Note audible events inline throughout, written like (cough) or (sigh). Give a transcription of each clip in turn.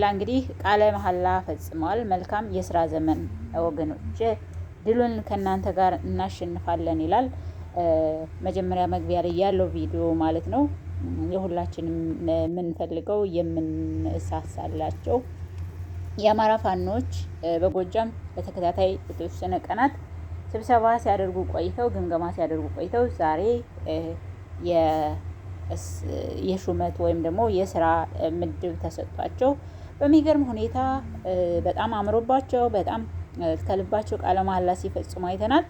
ሌላ እንግዲህ ቃለ መሐላ ፈጽመዋል። መልካም የስራ ዘመን ወገኖች፣ ድሉን ከእናንተ ጋር እናሸንፋለን ይላል። መጀመሪያ መግቢያ ላይ ያለው ቪዲዮ ማለት ነው። የሁላችንም የምንፈልገው የምንሳሳላቸው የአማራ ፋኖች በጎጃም በተከታታይ የተወሰነ ቀናት ስብሰባ ሲያደርጉ ቆይተው ግምገማ ሲያደርጉ ቆይተው ዛሬ የሹመት ወይም ደግሞ የስራ ምድብ ተሰጥቷቸው በሚገርም ሁኔታ በጣም አምሮባቸው በጣም ከልባቸው ቃለ መሐላ ሲፈጽሙ አይተናል።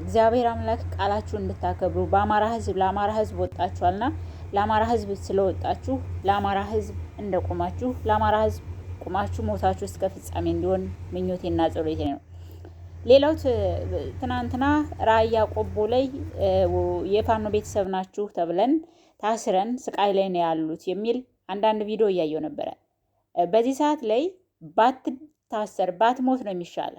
እግዚአብሔር አምላክ ቃላችሁን እንድታከብሩ በአማራ ህዝብ ለአማራ ህዝብ ወጣችኋልና ለአማራ ህዝብ ስለወጣችሁ ለአማራ ህዝብ እንደቆማችሁ ለአማራ ህዝብ ቁማችሁ ሞታችሁ እስከ ፍጻሜ እንዲሆን ምኞቴና ጸሎቴ ነው። ሌላው ትናንትና ራያ ቆቦ ላይ የፋኖ ቤተሰብ ናችሁ ተብለን ታስረን ስቃይ ላይ ነው ያሉት የሚል አንዳንድ ቪዲዮ እያየው ነበረ። በዚህ ሰዓት ላይ ባትታሰር ባትሞት ነው የሚሻለ።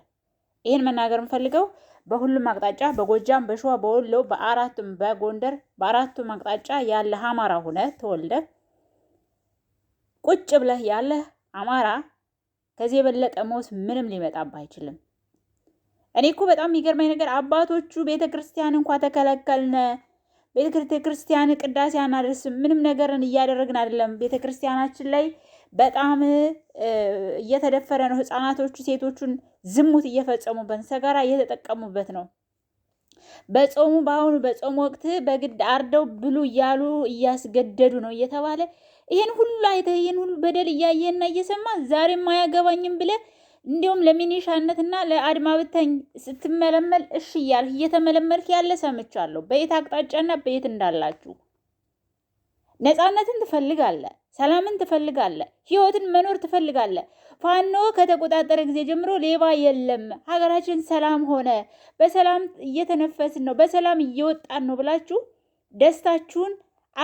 ይህን መናገር የምፈልገው በሁሉም አቅጣጫ በጎጃም፣ በሸዋ፣ በወሎ፣ በአራቱም በጎንደር፣ በአራቱም አቅጣጫ ያለ አማራ ሆነ ተወልደ ቁጭ ብለህ ያለ አማራ ከዚህ የበለጠ ሞት ምንም ሊመጣብህ አይችልም። እኔ እኮ በጣም የሚገርመኝ ነገር አባቶቹ ቤተ ክርስቲያን እንኳ ተከለከልነ፣ ቤተ ክርስቲያን ቅዳሴ አናደርስም፣ ምንም ነገርን እያደረግን አይደለም ቤተ ክርስቲያናችን ላይ በጣም እየተደፈረ ነው። ህፃናቶቹ ሴቶቹን ዝሙት እየፈጸሙበት ሰጋራ እየተጠቀሙበት ነው። በጾሙ በአሁኑ በጾሙ ወቅት በግድ አርደው ብሉ እያሉ እያስገደዱ ነው እየተባለ ይህን ሁሉ አይተህ ይህን ሁሉ በደል እያየና እየሰማ ዛሬም አያገባኝም ብለህ እንዲሁም ለሚኒሻነትና ለአድማ ብተኝ ስትመለመል እሺ እያልህ እየተመለመልክ ያለ ሰምቻለሁ። በየት አቅጣጫና በየት እንዳላችሁ ነፃነትን ትፈልጋለ፣ ሰላምን ትፈልጋለ፣ ህይወትን መኖር ትፈልጋለ። ፋኖ ከተቆጣጠረ ጊዜ ጀምሮ ሌባ የለም፣ ሀገራችን ሰላም ሆነ፣ በሰላም እየተነፈስን ነው፣ በሰላም እየወጣን ነው ብላችሁ ደስታችሁን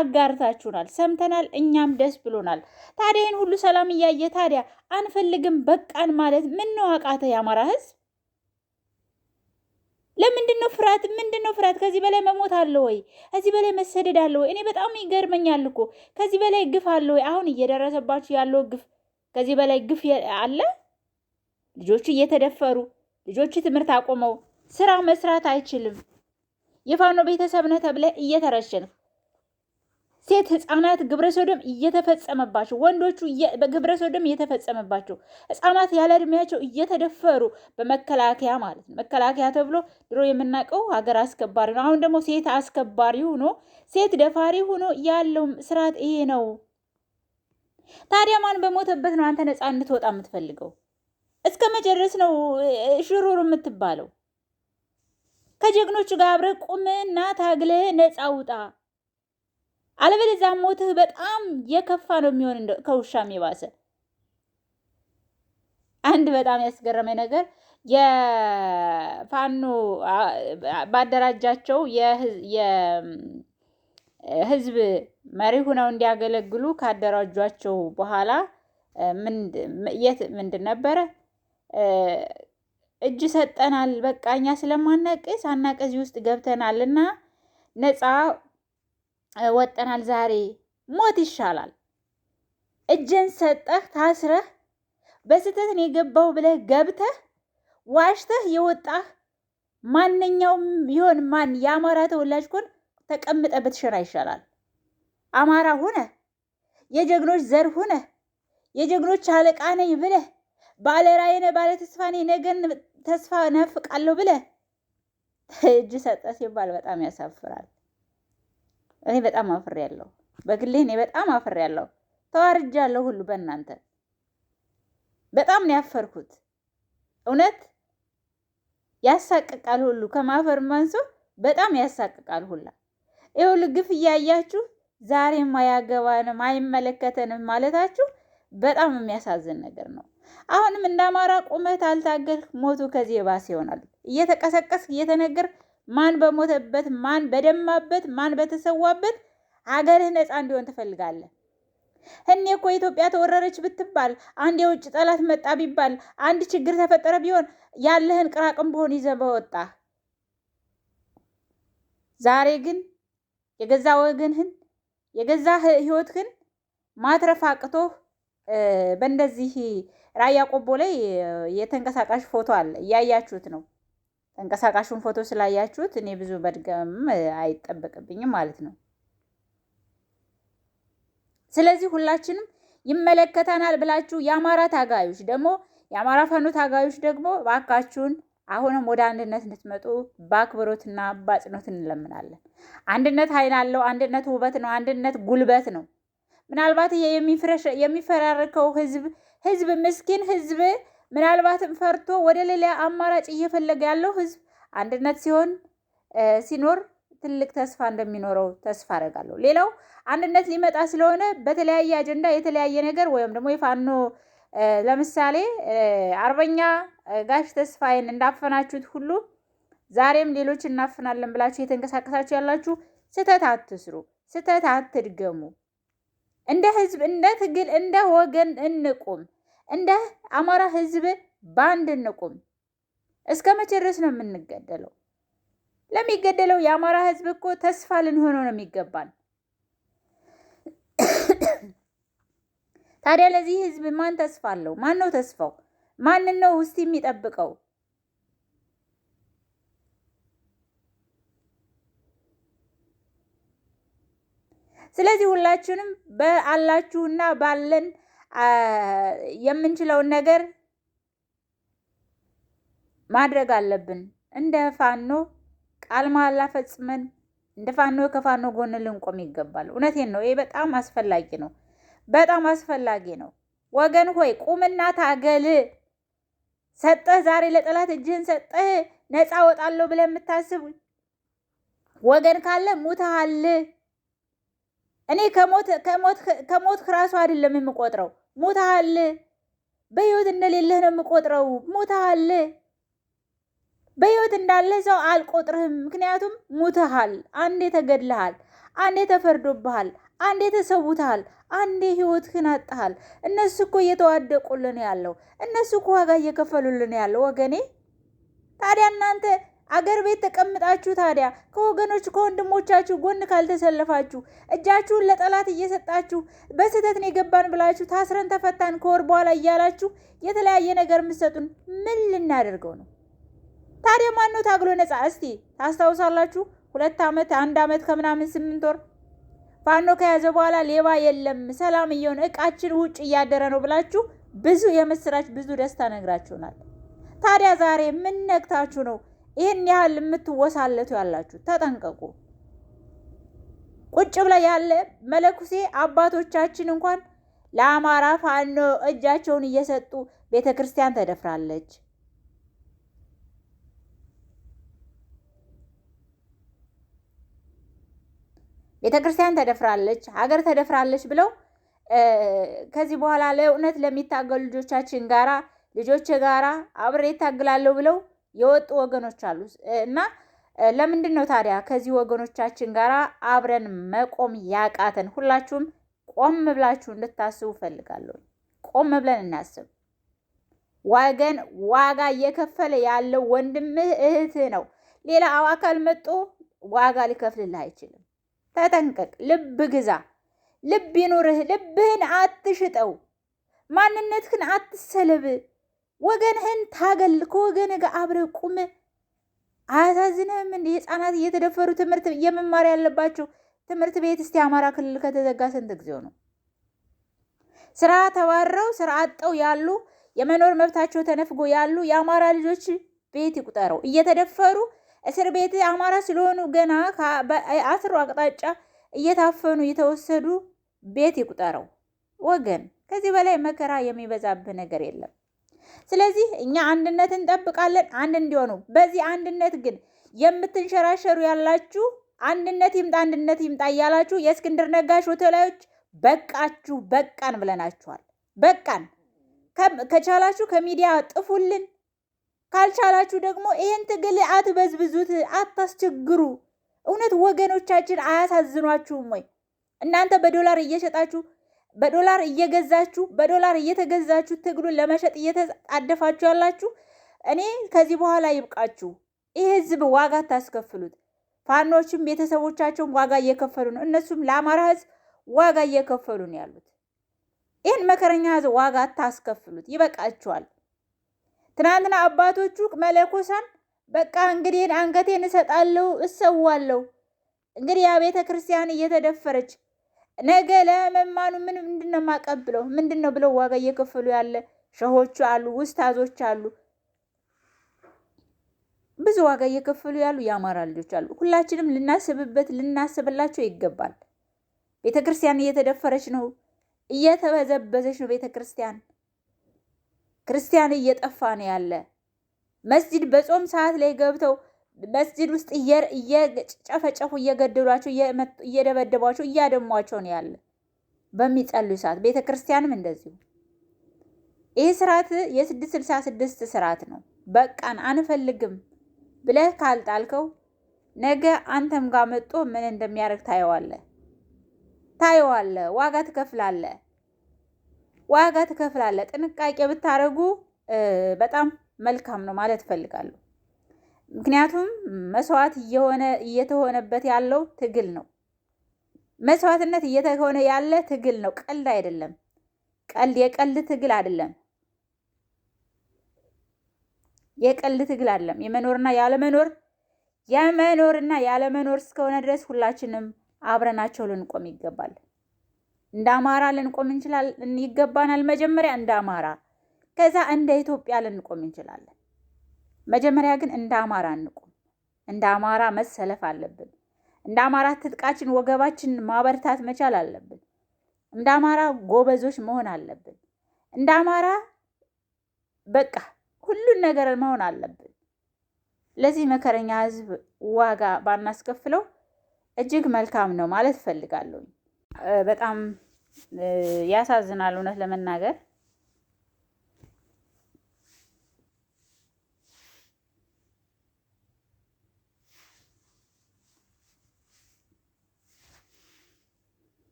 አጋርታችሁናል፣ ሰምተናል፣ እኛም ደስ ብሎናል። ታዲያ ይህን ሁሉ ሰላም እያየ ታዲያ አንፈልግም በቃን ማለት ምን ነው አቃተ የአማራ ህዝብ? ምንድነው ፍርሃት? ምንድነው ፍርሃት? ከዚህ በላይ መሞት አለ ወይ? ከዚህ በላይ መሰደድ አለ ወይ? እኔ በጣም ይገርመኛል እኮ ከዚህ በላይ ግፍ አለ ወይ? አሁን እየደረሰባችሁ ያለው ግፍ ከዚህ በላይ ግፍ አለ? ልጆቹ እየተደፈሩ ልጆቹ ትምህርት አቆመው ስራ መስራት አይችልም። የፋኖ ቤተሰብ ነህ ተብለህ እየተረሸንክ ሴት ህፃናት ግብረ ሰዶም እየተፈጸመባቸው ወንዶቹ በግብረ ሰዶም እየተፈጸመባቸው ህፃናት ያለ እድሜያቸው እየተደፈሩ በመከላከያ ማለት ነው። መከላከያ ተብሎ ድሮ የምናውቀው ሀገር አስከባሪ ነው። አሁን ደግሞ ሴት አስከባሪ ሆኖ ሴት ደፋሪ ሆኖ ያለው ስርዓት ይሄ ነው። ታዲያ ማን በሞተበት ነው አንተ ነፃ እንድትወጣ የምትፈልገው? እስከ መጨረስ ነው ሽሩር የምትባለው? ከጀግኖቹ ጋር አብረህ ቁምና ታግለህ ነፃ ውጣ። አለበለዚያ ሞትህ በጣም የከፋ ነው የሚሆን ከውሻ የባሰ። አንድ በጣም ያስገረመኝ ነገር የፋኖ ባደራጃቸው የህዝብ መሪ ሁነው እንዲያገለግሉ ካደራጇቸው በኋላ የት ምንድን ነበረ እጅ ሰጠናል፣ በቃ እኛ ስለማናቅስ አናቀዚ ውስጥ ገብተናል እና ነፃ ወጠናል ዛሬ ሞት ይሻላል። እጅን ሰጠህ ታስረህ በስህተት ነው የገባው ብለህ ገብተህ ዋሽተህ የወጣህ ማንኛውም ይሆን ማን የአማራ ተወላጅ ኮን ተቀምጠበት ሽራ ይሻላል። አማራ ሁነ የጀግኖች ዘር ሁነ የጀግኖች አለቃ ነኝ ብለህ ባለራይነ ባለ ተስፋ ነኝ ነገን ተስፋ ነፍቃለሁ ብለህ እጅ ሰጠህ ሲባል በጣም ያሳፍራል። እኔ በጣም አፍሬያለሁ። በግሌ እኔ በጣም አፍሬያለሁ። ተዋርጃለሁ ሁሉ በእናንተ በጣም ነው ያፈርኩት። እውነት ያሳቅቃል ሁሉ ከማፈር መንሶ በጣም ያሳቅቃል ሁላ። ይኸው ልግፍ እያያችሁ ዛሬም አያገባንም አይመለከተንም ማለታችሁ በጣም የሚያሳዝን ነገር ነው። አሁንም እንደ አማራ ቁመት አልታገልክ ሞቱ ከዚህ የባሰ ይሆናል። እየተቀሰቀስ እየተነገር ማን በሞተበት፣ ማን በደማበት፣ ማን በተሰዋበት ሀገርህ ነፃ እንዲሆን ትፈልጋለህ። እኔ እኮ ኢትዮጵያ ተወረረች ብትባል፣ አንድ የውጭ ጠላት መጣ ቢባል፣ አንድ ችግር ተፈጠረ ቢሆን ያለህን ቅራቅም ቢሆን ይዘህ በወጣ። ዛሬ ግን የገዛ ወገንህን የገዛ ህይወትህን ማትረፍ አቅቶ በእንደዚህ ራያ ቆቦ ላይ የተንቀሳቃሽ ፎቶ አለ፣ እያያችሁት ነው። ተንቀሳቃሹን ፎቶ ስላያችሁት እኔ ብዙ መድገም አይጠበቅብኝም ማለት ነው። ስለዚህ ሁላችንም ይመለከተናል ብላችሁ የአማራ ታጋዮች ደግሞ የአማራ ፋኖ ታጋዮች ደግሞ እባካችሁን አሁንም ወደ አንድነት እንድትመጡ በአክብሮትና በአጽንኦት እንለምናለን። አንድነት ኃይል አለው። አንድነት ውበት ነው። አንድነት ጉልበት ነው። ምናልባት ይሄ የሚፈራረከው ህዝብ ህዝብ ምስኪን ህዝብ ምናልባትም ፈርቶ ወደ ሌላ አማራጭ እየፈለገ ያለው ህዝብ አንድነት ሲሆን ሲኖር ትልቅ ተስፋ እንደሚኖረው ተስፋ አደርጋለሁ። ሌላው አንድነት ሊመጣ ስለሆነ በተለያየ አጀንዳ የተለያየ ነገር ወይም ደግሞ የፋኖ ለምሳሌ አርበኛ ጋሽ ተስፋዬን እንዳፈናችሁት ሁሉ ዛሬም ሌሎች እናፍናለን ብላችሁ የተንቀሳቀሳችሁ ያላችሁ ስህተት አትስሩ፣ ስህተት አትድገሙ። እንደ ህዝብ፣ እንደ ትግል፣ እንደ ወገን እንቁም። እንደ አማራ ህዝብ በአንድ እንቁም። እስከ መቼ ድረስ ነው የምንገደለው? ለሚገደለው የአማራ ህዝብ እኮ ተስፋ ልንሆነው ነው የሚገባን። ታዲያ ለዚህ ህዝብ ማን ተስፋ አለው? ማን ነው ተስፋው? ማን ነው ውስጥ የሚጠብቀው? ስለዚህ ሁላችንም በአላችሁና ባለን የምንችለውን ነገር ማድረግ አለብን። እንደ ፋኖ ቃል መሃላ ፈጽመን እንደ ፋኖ ከፋኖ ጎን ልንቆም ይገባል። እውነቴን ነው። ይሄ በጣም አስፈላጊ ነው። በጣም አስፈላጊ ነው። ወገን ሆይ ቁምና ታገል። ሰጠህ ዛሬ ለጠላት እጅህን ሰጠህ፣ ነፃ ወጣለሁ ብለህ የምታስብ ወገን ካለ ሙትሃል። እኔ ከሞት ከሞት ከሞት ራሱ አይደለም የምቆጥረው ሞታሃል፣ በህይወት እንደሌለህ ነው የምቆጥረው፣ ሞታሃል፣ በህይወት እንዳለ ሰው አልቆጥርህም። ምክንያቱም ሙተሃል፣ አንዴ ተገድልሃል፣ አንዴ ተፈርዶብሃል፣ አንዴ ተሰውተሃል፣ አንዴ ህይወትህን አጥተሃል። እነሱ እኮ እየተዋደቁልን ያለው እነሱ እኮ ዋጋ እየከፈሉልን ያለው ወገኔ። ታዲያ እናንተ አገር ቤት ተቀምጣችሁ ታዲያ ከወገኖች ከወንድሞቻችሁ ጎን ካልተሰለፋችሁ እጃችሁን ለጠላት እየሰጣችሁ በስህተት ነው የገባን ብላችሁ ታስረን ተፈታን ከወር በኋላ እያላችሁ የተለያየ ነገር የምትሰጡን ምን ልናደርገው ነው? ታዲያ ማን ነው ታግሎ ነጻ? እስቲ ታስታውሳላችሁ? ሁለት ዓመት አንድ ዓመት ከምናምን ስምንት ወር ፋኖ ከያዘ በኋላ ሌባ የለም ሰላም እየሆነ እቃችን ውጭ እያደረ ነው ብላችሁ ብዙ የምስራች ብዙ ደስታ ነግራችሁናል። ታዲያ ዛሬ ምን ነግታችሁ ነው ይህን ያህል የምትወሳለቱ ያላችሁ ተጠንቀቁ። ቁጭ ብላ ያለ መለኩሴ አባቶቻችን እንኳን ለአማራ ፋኖ እጃቸውን እየሰጡ ቤተ ክርስቲያን ተደፍራለች። ቤተ ክርስቲያን ተደፍራለች፣ ሀገር ተደፍራለች ብለው ከዚህ በኋላ ለእውነት ለሚታገሉ ልጆቻችን ጋራ ልጆች ጋራ አብሬ ይታግላለሁ ብለው የወጡ ወገኖች አሉ እና ለምንድን ነው ታዲያ ከዚህ ወገኖቻችን ጋር አብረን መቆም ያቃተን? ሁላችሁም ቆም ብላችሁ እንድታስቡ ፈልጋለሁ። ቆም ብለን እናስብ። ወገን ዋጋ እየከፈለ ያለው ወንድምህ እህትህ ነው። ሌላ አካል መጦ ዋጋ ሊከፍልልህ አይችልም። ተጠንቀቅ። ልብ ግዛ። ልብ ይኑርህ። ልብህን አትሽጠው። ማንነትህን አትሰለብ። ወገንህን ታገል፣ ወገን ጋር አብረ ቁም። አያሳዝንህም? እንደ ህፃናት እየተደፈሩ ትምህርት የመማር ያለባቸው ትምህርት ቤት እስቲ አማራ ክልል ከተዘጋ ስንት ጊዜው ነው? ስራ ተባረው ስራ አጠው ያሉ የመኖር መብታቸው ተነፍጎ ያሉ የአማራ ልጆች ቤት ይቁጠረው እየተደፈሩ እስር ቤት አማራ ስለሆኑ ገና አስሩ አቅጣጫ እየታፈኑ እየተወሰዱ ቤት ይቁጠረው። ወገን ከዚህ በላይ መከራ የሚበዛብህ ነገር የለም። ስለዚህ እኛ አንድነት እንጠብቃለን፣ አንድ እንዲሆኑ። በዚህ አንድነት ግን የምትንሸራሸሩ ያላችሁ አንድነት ይምጣ አንድነት ይምጣ እያላችሁ የእስክንድር ነጋ ሾተላዮች በቃችሁ፣ በቃን ብለናችኋል። በቃን። ከቻላችሁ ከሚዲያ ጥፉልን፣ ካልቻላችሁ ደግሞ ይህን ትግል አትበዝብዙት፣ አታስቸግሩ። እውነት ወገኖቻችን አያሳዝኗችሁም ወይ? እናንተ በዶላር እየሸጣችሁ በዶላር እየገዛችሁ በዶላር እየተገዛችሁ ትግሉን ለመሸጥ እየተጣደፋችሁ ያላችሁ እኔ ከዚህ በኋላ ይብቃችሁ። ይህ ህዝብ ዋጋ ታስከፍሉት ፋኖችም ቤተሰቦቻቸውን ዋጋ እየከፈሉ ነው። እነሱም ለአማራ ህዝብ ዋጋ እየከፈሉ ነው ያሉት። ይህን መከረኛ ህዝብ ዋጋ ታስከፍሉት ይበቃችኋል። ትናንትና አባቶቹ መለኮሳን በቃ እንግዲህ አንገቴን እሰጣለሁ እሰዋለሁ እንግዲህ ያ ቤተ ክርስቲያን እየተደፈረች ነገ ለመማኑ ምን ምንድን ነው የማቀብለው ምንድን ነው ብለው ዋጋ እየከፈሉ ያለ ሸሆቹ አሉ፣ ውስታዞች አሉ፣ ብዙ ዋጋ እየከፈሉ ያሉ የአማራ ልጆች አሉ። ሁላችንም ልናስብበት ልናስብላቸው ይገባል። ቤተ ክርስቲያን እየተደፈረች ነው፣ እየተበዘበዘች ነው ቤተ ክርስቲያን። ክርስቲያን እየጠፋ ነው ያለ መስጂድ በጾም ሰዓት ላይ ገብተው መስጅድ ውስጥ እየጨፈጨፉ እየገደሏቸው እየደበደቧቸው እያደሟቸው ነው ያለ በሚጸልዩ ሰዓት። ቤተ ክርስቲያንም እንደዚሁ ይህ ስርዓት የስድስት ስልሳ ስድስት ስርዓት ነው። በቃን አንፈልግም ብለህ ካልጣልከው ነገ አንተም ጋር መጦ ምን እንደሚያደርግ ታየዋለ ታየዋለ። ዋጋ ትከፍላለ ዋጋ ትከፍላለ። ጥንቃቄ ብታደርጉ በጣም መልካም ነው ማለት እፈልጋለሁ። ምክንያቱም መስዋዕት እየሆነ እየተሆነበት ያለው ትግል ነው። መስዋዕትነት እየተሆነ ያለ ትግል ነው፣ ቀልድ አይደለም። ቀልድ የቀልድ ትግል አይደለም። የቀልድ ትግል አይደለም። የመኖርና ያለመኖር የመኖርና ያለመኖር እስከሆነ ድረስ ሁላችንም አብረናቸው ልንቆም ይገባል። እንደ አማራ ልንቆም እንችላል ይገባናል። መጀመሪያ እንደ አማራ፣ ከዛ እንደ ኢትዮጵያ ልንቆም እንችላለን። መጀመሪያ ግን እንደ አማራ እንቁም። እንደ አማራ መሰለፍ አለብን። እንደ አማራ ትጥቃችን ወገባችን ማበርታት መቻል አለብን። እንደ አማራ ጎበዞች መሆን አለብን። እንደ አማራ በቃ ሁሉን ነገር መሆን አለብን። ለዚህ መከረኛ ህዝብ ዋጋ ባናስከፍለው እጅግ መልካም ነው ማለት እፈልጋለሁ። በጣም ያሳዝናል እውነት ለመናገር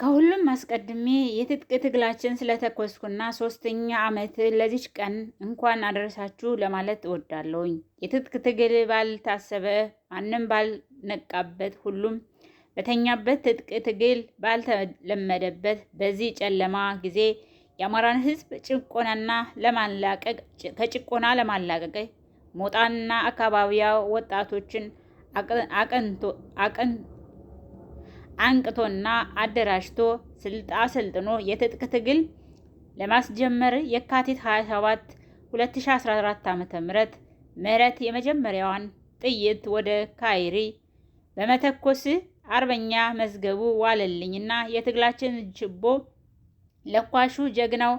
ከሁሉም አስቀድሜ የትጥቅ ትግላችን ስለተኮስኩና ሶስተኛ ዓመት ለዚች ቀን እንኳን አደረሳችሁ ለማለት እወዳለሁኝ። የትጥቅ ትግል ባልታሰበ፣ ማንም ባልነቃበት፣ ሁሉም በተኛበት ትጥቅ ትግል ባልተለመደበት በዚህ ጨለማ ጊዜ የአማራን ሕዝብ ጭቆናና ለማላቀቅ ከጭቆና ለማላቀቅ ሞጣና አካባቢያ ወጣቶችን አቅንቶ አንቅቶና አደራጅቶ አሰልጥኖ የትጥቅ ትግል ለማስጀመር የካቲት 27 2014 ዓ.ም ምህረት የመጀመሪያዋን ጥይት ወደ ካይሪ በመተኮስ አርበኛ መዝገቡ ዋለልኝና የትግላችን ችቦ ለኳሹ ጀግናው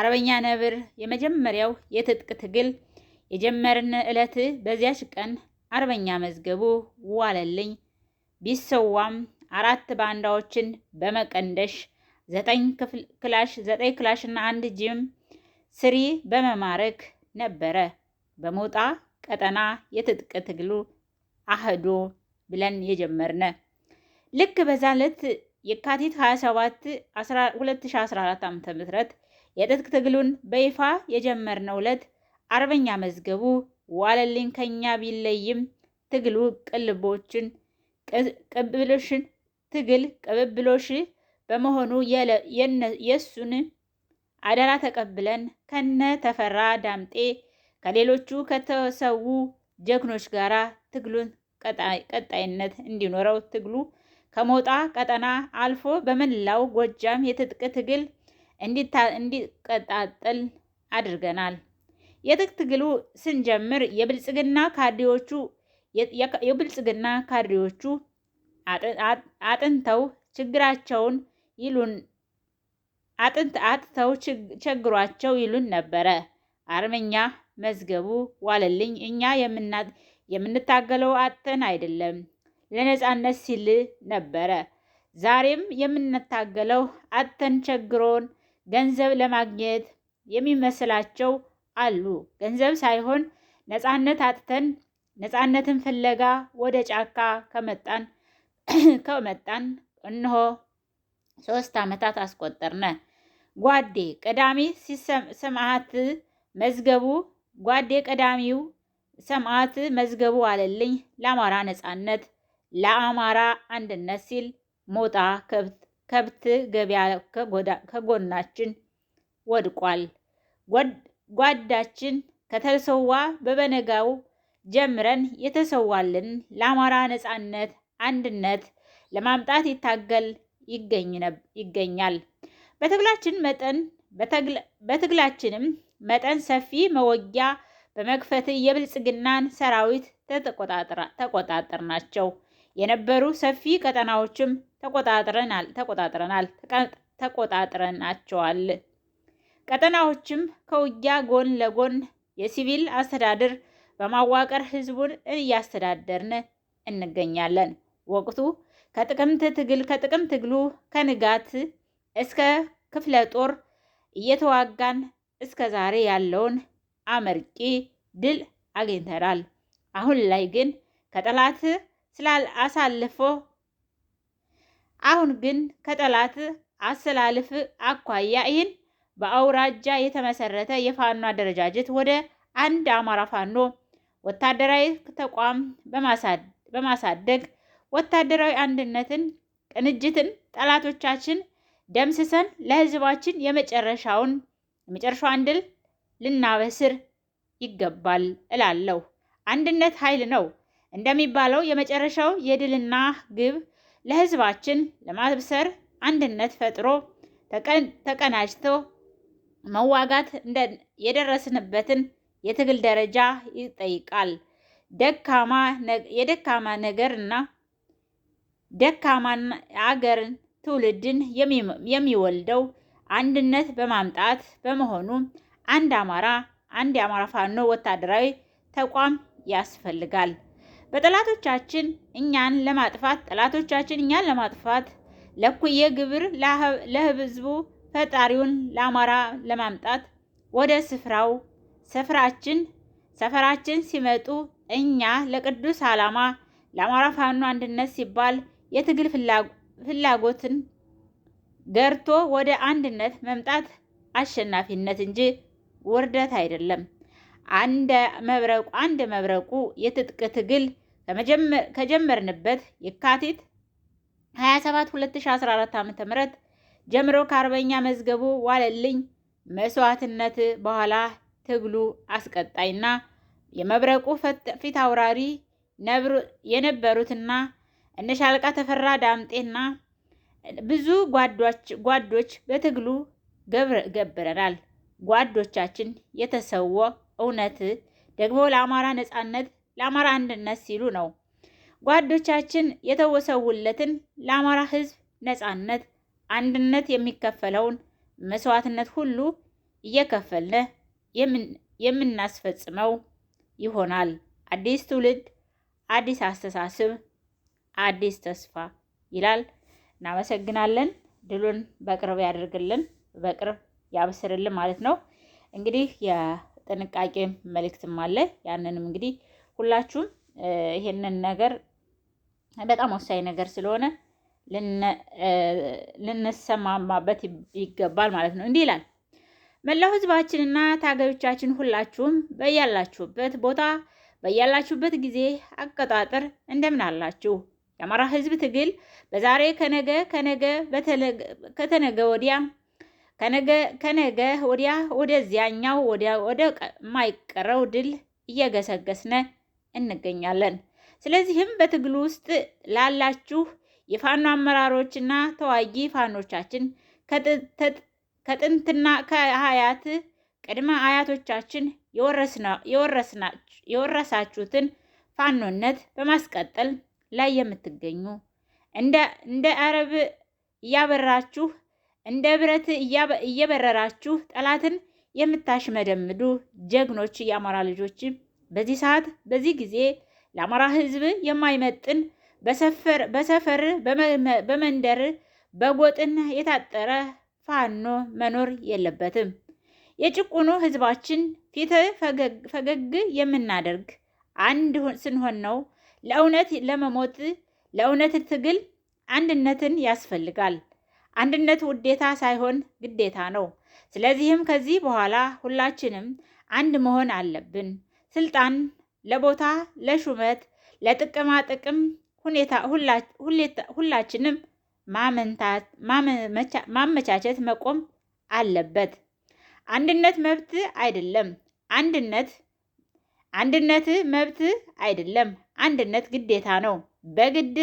አርበኛ ነብር የመጀመሪያው የትጥቅ ትግል የጀመርን ዕለት በዚያች ቀን አርበኛ መዝገቡ ዋለልኝ ቢሰዋም አራት ባንዳዎችን በመቀንደሽ ዘጠኝ ክላሽ ዘጠኝ ክላሽና አንድ ጂም ስሪ በመማረክ ነበረ። በሞጣ ቀጠና የትጥቅ ትግሉ አህዶ ብለን የጀመርነ ልክ በዛ ዕለት የካቲት 27 2014 ዓ.ም የትጥቅ ትግሉን በይፋ የጀመርነው ዕለት አርበኛ መዝገቡ ዋለልኝ ከኛ ቢለይም ትግሉ ቅልቦችን ቅብልሽን ትግል ቅብብሎሽ በመሆኑ የእሱን አደራ ተቀብለን ከነ ተፈራ ዳምጤ ከሌሎቹ ከተሰዉ ጀግኖች ጋራ ትግሉን ቀጣይነት እንዲኖረው ትግሉ ከሞጣ ቀጠና አልፎ በመላው ጎጃም የትጥቅ ትግል እንዲቀጣጠል አድርገናል። የትጥቅ ትግሉ ስንጀምር የብልጽግና ካድሬዎቹ የብልጽግና ካድሬዎቹ አጥንተው ችግራቸውን ይሉን አጥንት አጥተው ቸግሯቸው ይሉን ነበረ። አርበኛ መዝገቡ ዋለልኝ እኛ የምንታገለው አጥተን አይደለም ለነጻነት ሲል ነበረ። ዛሬም የምንታገለው አጥተን ቸግሮን ገንዘብ ለማግኘት የሚመስላቸው አሉ። ገንዘብ ሳይሆን ነጻነት አጥተን ነጻነትን ፍለጋ ወደ ጫካ ከመጣን (coughs) ከመጣን እነሆ ሶስት ዓመታት አስቆጠርነ። ጓዴ ቀዳሚ ሰማዕት መዝገቡ ጓዴ ቀዳሚው ሰማዕት መዝገቡ አለልኝ ለአማራ ነጻነት ለአማራ አንድነት ሲል ሞጣ ከብት ገበያ ከጎናችን ወድቋል። ጓዳችን ከተሰዋ በበነጋው ጀምረን የተሰዋልን ለአማራ ነጻነት አንድነት ለማምጣት ይታገል ይገኛል። በትግላችን መጠን በትግላችንም መጠን ሰፊ መወጊያ በመክፈት የብልጽግናን ሰራዊት ተቆጣጠር ናቸው የነበሩ ሰፊ ቀጠናዎችም ተቆጣጥረናል ተቆጣጥረናል ተቆጣጥረናቸዋል። ቀጠናዎችም ከውጊያ ጎን ለጎን የሲቪል አስተዳደር በማዋቀር ህዝቡን እያስተዳደርን እንገኛለን። ወቅቱ ከጥቅምት ትግል ከጥቅም ትግሉ ከንጋት እስከ ክፍለ ጦር እየተዋጋን እስከ ዛሬ ያለውን አመርቂ ድል አግኝተናል። አሁን ላይ ግን ከጠላት አሳልፎ አሁን ግን ከጠላት አሰላልፍ አኳያ ይህን በአውራጃ የተመሰረተ የፋኖ አደረጃጀት ወደ አንድ አማራ ፋኖ ወታደራዊ ተቋም በማሳደግ ወታደራዊ አንድነትን፣ ቅንጅትን ጠላቶቻችን ደምስሰን ለህዝባችን የመጨረሻውን የመጨረሻውን ድል ልናበስር ይገባል እላለሁ። አንድነት ኃይል ነው እንደሚባለው የመጨረሻው የድልና ግብ ለህዝባችን ለማብሰር አንድነት ፈጥሮ ተቀናጅቶ መዋጋት የደረስንበትን የትግል ደረጃ ይጠይቃል። የደካማ ነገር እና ደካማን አገርን ትውልድን የሚወልደው አንድነት በማምጣት በመሆኑ አንድ አማራ አንድ የአማራ ፋኖ ወታደራዊ ተቋም ያስፈልጋል። በጠላቶቻችን እኛን ለማጥፋት ጠላቶቻችን እኛን ለማጥፋት ለኩየ ግብር ለህዝቡ ፈጣሪውን ለአማራ ለማምጣት ወደ ስፍራው ሰፈራችን ሰፈራችን ሲመጡ እኛ ለቅዱስ ዓላማ ለአማራ ፋኖ አንድነት ሲባል የትግል ፍላጎትን ገርቶ ወደ አንድነት መምጣት አሸናፊነት እንጂ ውርደት አይደለም። አንድ መብረቁ አንድ መብረቁ የትጥቅ ትግል ከጀመርንበት የካቲት 27 2014 ዓ.ም ጀምሮ ከአርበኛ መዝገቡ ዋለልኝ መስዋዕትነት በኋላ ትግሉ አስቀጣይና የመብረቁ ፊት አውራሪ የነበሩትና እነ ሻለቃ ተፈራ ዳምጤና ብዙ ጓዶች በትግሉ ገብረናል። ጓዶቻችን የተሰወ እውነት ደግሞ ለአማራ ነጻነት፣ ለአማራ አንድነት ሲሉ ነው። ጓዶቻችን የተወሰውለትን ለአማራ ሕዝብ ነጻነት፣ አንድነት የሚከፈለውን መስዋዕትነት ሁሉ እየከፈልነ የምናስፈጽመው ይሆናል። አዲስ ትውልድ፣ አዲስ አስተሳሰብ አዲስ ተስፋ ይላል። እናመሰግናለን። ድሉን በቅርብ ያደርግልን፣ በቅርብ ያብስርልን ማለት ነው። እንግዲህ የጥንቃቄ መልእክትም አለ። ያንንም እንግዲህ ሁላችሁም ይሄንን ነገር በጣም ወሳኝ ነገር ስለሆነ ልንሰማማበት ይገባል ማለት ነው። እንዲህ ይላል መላው ህዝባችንና ታጋዮቻችን ሁላችሁም በያላችሁበት ቦታ በያላችሁበት ጊዜ አቀጣጥር እንደምን አላችሁ? የአማራ ህዝብ ትግል በዛሬ ከነገ ከነገ ከተነገ ወዲያ ከነገ ከነገ ወዲያ ወደዚያኛው ወደ ማይቀረው ድል እየገሰገስነ እንገኛለን። ስለዚህም በትግሉ ውስጥ ላላችሁ የፋኖ አመራሮችና ተዋጊ ፋኖቻችን ከጥንትና ከአያት ቅድመ አያቶቻችን የወረሳችሁትን ፋኖነት በማስቀጠል ላይ የምትገኙ እንደ አረብ እያበራችሁ እንደ ብረት እየበረራችሁ ጠላትን የምታሽመደምዱ ጀግኖች የአማራ ልጆች በዚህ ሰዓት በዚህ ጊዜ ለአማራ ሕዝብ የማይመጥን በሰፈር በመንደር በጎጥን የታጠረ ፋኖ መኖር የለበትም። የጭቁኑ ሕዝባችን ፊት ፈገግ የምናደርግ አንድ ስንሆን ነው ለእውነት ለመሞት ለእውነት ትግል አንድነትን ያስፈልጋል። አንድነት ውዴታ ሳይሆን ግዴታ ነው። ስለዚህም ከዚህ በኋላ ሁላችንም አንድ መሆን አለብን። ስልጣን ለቦታ፣ ለሹመት፣ ለጥቅማ ጥቅም ሁኔታ ሁላችንም ማመቻቸት መቆም አለበት። አንድነት መብት አይደለም። አንድነት አንድነት መብት አይደለም። አንድነት ግዴታ ነው። በግድ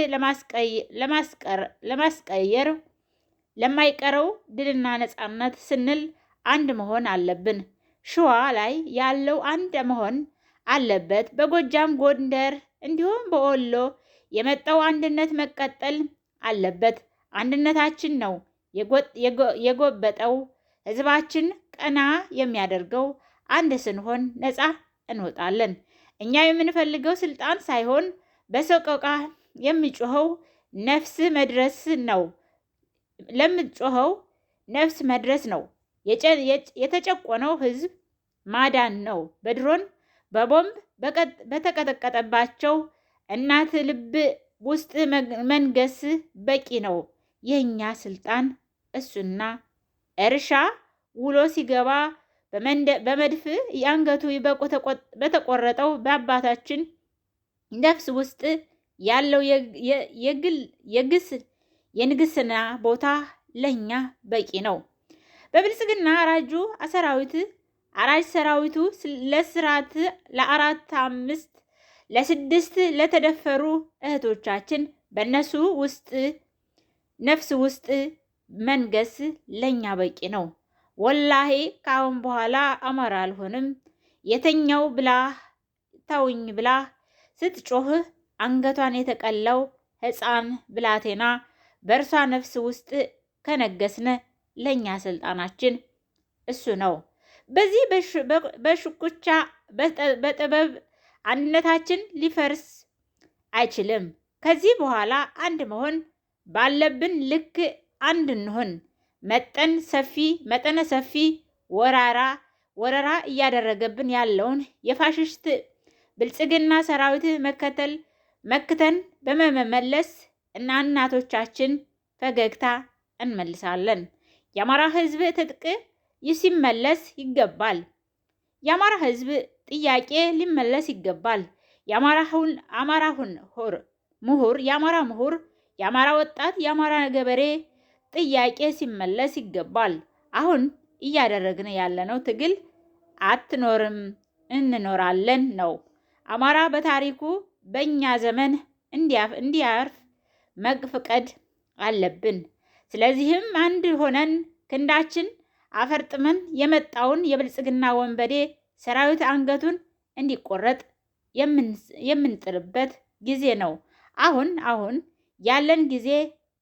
ለማስቀየር ለማይቀረው ድልና ነጻነት ስንል አንድ መሆን አለብን። ሸዋ ላይ ያለው አንድ መሆን አለበት። በጎጃም ጎንደር፣ እንዲሁም በወሎ የመጣው አንድነት መቀጠል አለበት። አንድነታችን ነው የጎበጠው ህዝባችን ቀና የሚያደርገው። አንድ ስንሆን ነፃ እንወጣለን። እኛ የምንፈልገው ስልጣን ሳይሆን በሰቆቃ የሚጮኸው ነፍስ መድረስ ነው። ለምጮኸው ነፍስ መድረስ ነው። የተጨቆነው ህዝብ ማዳን ነው። በድሮን በቦምብ በተቀጠቀጠባቸው እናት ልብ ውስጥ መንገስ በቂ ነው። የእኛ ስልጣን እሱና እርሻ ውሎ ሲገባ በመድፍ የአንገቱ ይበቁ በተቆረጠው በአባታችን ነፍስ ውስጥ ያለው የግስ የንግስና ቦታ ለኛ በቂ ነው። በብልጽግና አራጁ ሰራዊት አራጅ ሰራዊቱ ለስርዓት ለአራት አምስት ለስድስት ለተደፈሩ እህቶቻችን በእነሱ ውስጥ ነፍስ ውስጥ መንገስ ለእኛ በቂ ነው። ወላሂ ከአሁን በኋላ አማራ አልሆንም የተኛው ብላ ተውኝ ብላ ስትጮህ አንገቷን የተቀላው ህፃን ብላቴና በእርሷ ነፍስ ውስጥ ከነገስነ ለእኛ ስልጣናችን እሱ ነው። በዚህ በሽኩቻ በጥበብ አንድነታችን ሊፈርስ አይችልም። ከዚህ በኋላ አንድ መሆን ባለብን ልክ አንድ እንሁን። መጠን ሰፊ መጠነ ሰፊ ወራራ ወረራ እያደረገብን ያለውን የፋሽስት ብልጽግና ሰራዊት መከተል መክተን በመመለስ እና እናቶቻችን ፈገግታ እንመልሳለን። የአማራ ህዝብ ትጥቅ ሲመለስ ይገባል። የአማራ ህዝብ ጥያቄ ሊመለስ ይገባል። የአማራሁን አማራሁን ሆር ምሁር የአማራ ምሁር የአማራ ወጣት የአማራ ገበሬ ጥያቄ ሲመለስ ይገባል። አሁን እያደረግን ያለነው ትግል አትኖርም እንኖራለን ነው። አማራ በታሪኩ በእኛ ዘመን እንዲያርፍ መፍቀድ አለብን። ስለዚህም አንድ ሆነን ክንዳችን አፈርጥመን የመጣውን የብልጽግና ወንበዴ ሰራዊት አንገቱን እንዲቆረጥ የምንጥርበት ጊዜ ነው። አሁን አሁን ያለን ጊዜ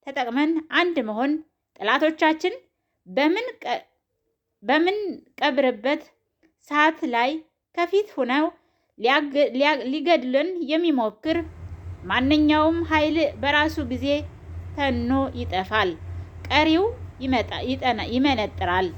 ተጠቅመን አንድ መሆን ጠላቶቻችን በምንቀብርበት ሰዓት ላይ ከፊት ሆነው ሊገድልን የሚሞክር ማንኛውም ኃይል በራሱ ጊዜ ተኖ ይጠፋል፣ ቀሪው ይመነጥራል።